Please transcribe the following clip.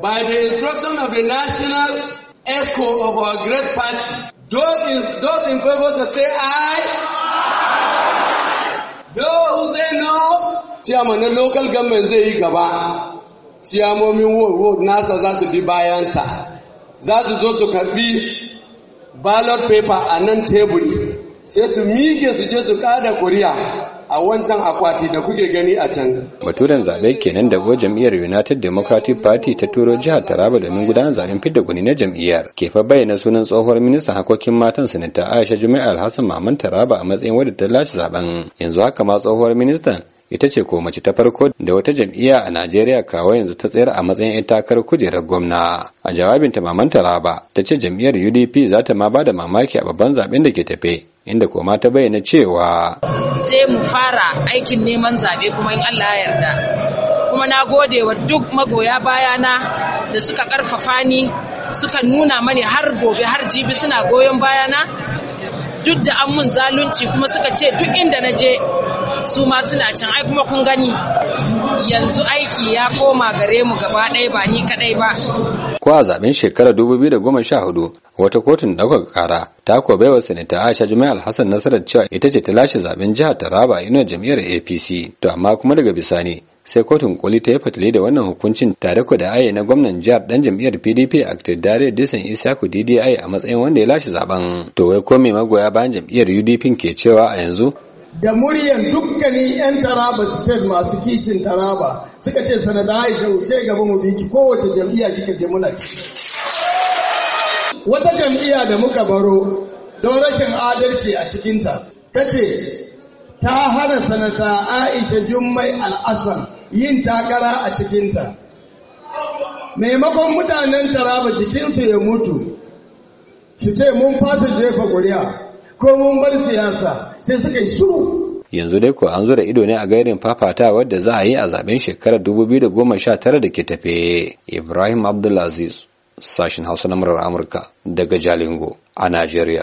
by the instruction of the national Echo of our great party, those in, those in favor say aye. aye. Those who say no, chairman na local government zai yi gaba, ciyamomin ward ward nasa za su bi bayansa, za su zo su karbi ballot paper a nan teburi, sai su miƙe su je su kada kuri'a. a wancan akwati da kuke gani a can. Baturen zaɓe kenan da uwar jam'iyyar United Democratic Party ta turo jihar Taraba domin gudanar zaɓen fidda gwani na jam'iyyar. Ke fa bayyana sunan tsohuwar ministan hakokin matan sanata Aisha Jumai Alhassan Maman Taraba a matsayin wadda ta lashe zaben. Yanzu haka ma tsohuwar ministan ita ce ko mace ta farko da wata jam'iyya a Najeriya kawo yanzu ta tsayar a matsayin ita takar kujerar gwamna. A jawabin ta maman Taraba ta ce jam'iyyar UDP za ta ma bada mamaki a babban zaben da ke tafe inda koma ta bayyana cewa sai mu fara aikin neman zabe kuma in Allah ya yarda. Kuma na gode wa duk magoya bayana da suka karfafa ni suka nuna mani har gobe har jibi suna goyon bayana duk da an mun zalunci kuma suka ce duk inda na je su ma suna can ai kuma kun gani yanzu aiki ya koma gare mu gaba ɗaya ba ni kaɗai ba. Ko a zaben shekarar 2014 wata kotun ɗaukar ƙara ta ko baiwa sanata Aisha Juma'a Alhassan nasarar cewa ita ce ta lashe zaben jihar Taraba ina jam'iyyar APC to amma kuma daga bisani sai kotun koli ta yi fatali da wannan hukuncin tare ku da aye na gwamnan jihar dan jam'iyyar pdp a dare disan isaku ddi a matsayin wanda ya lashe zaben to wai ko mai magoya bayan jam'iyyar udp ke cewa a yanzu da muryan dukkanin 'yan taraba state masu kishin taraba suka ce sanada aisha wuce gaba mu biki kowace jam'iyya kika je muna ci wata jam'iyya da muka baro don rashin adalci a cikinta ta ce ta hana sanata Aisha Jummai al'asar yin takara a cikinta. Maimakon mutanen taraba jikinsu ya mutu, su ce mun fasa jefa ƙuri'a ko mun bar siyasa sai suka yi shiru. Yanzu dai ko an zura ido ne a gairin fafata wadda za a yi a zaben shekarar 2019 da ke tafe. Ibrahim Abdulaziz, sashen Hausa na murar Amurka daga Jalingo a Najeriya.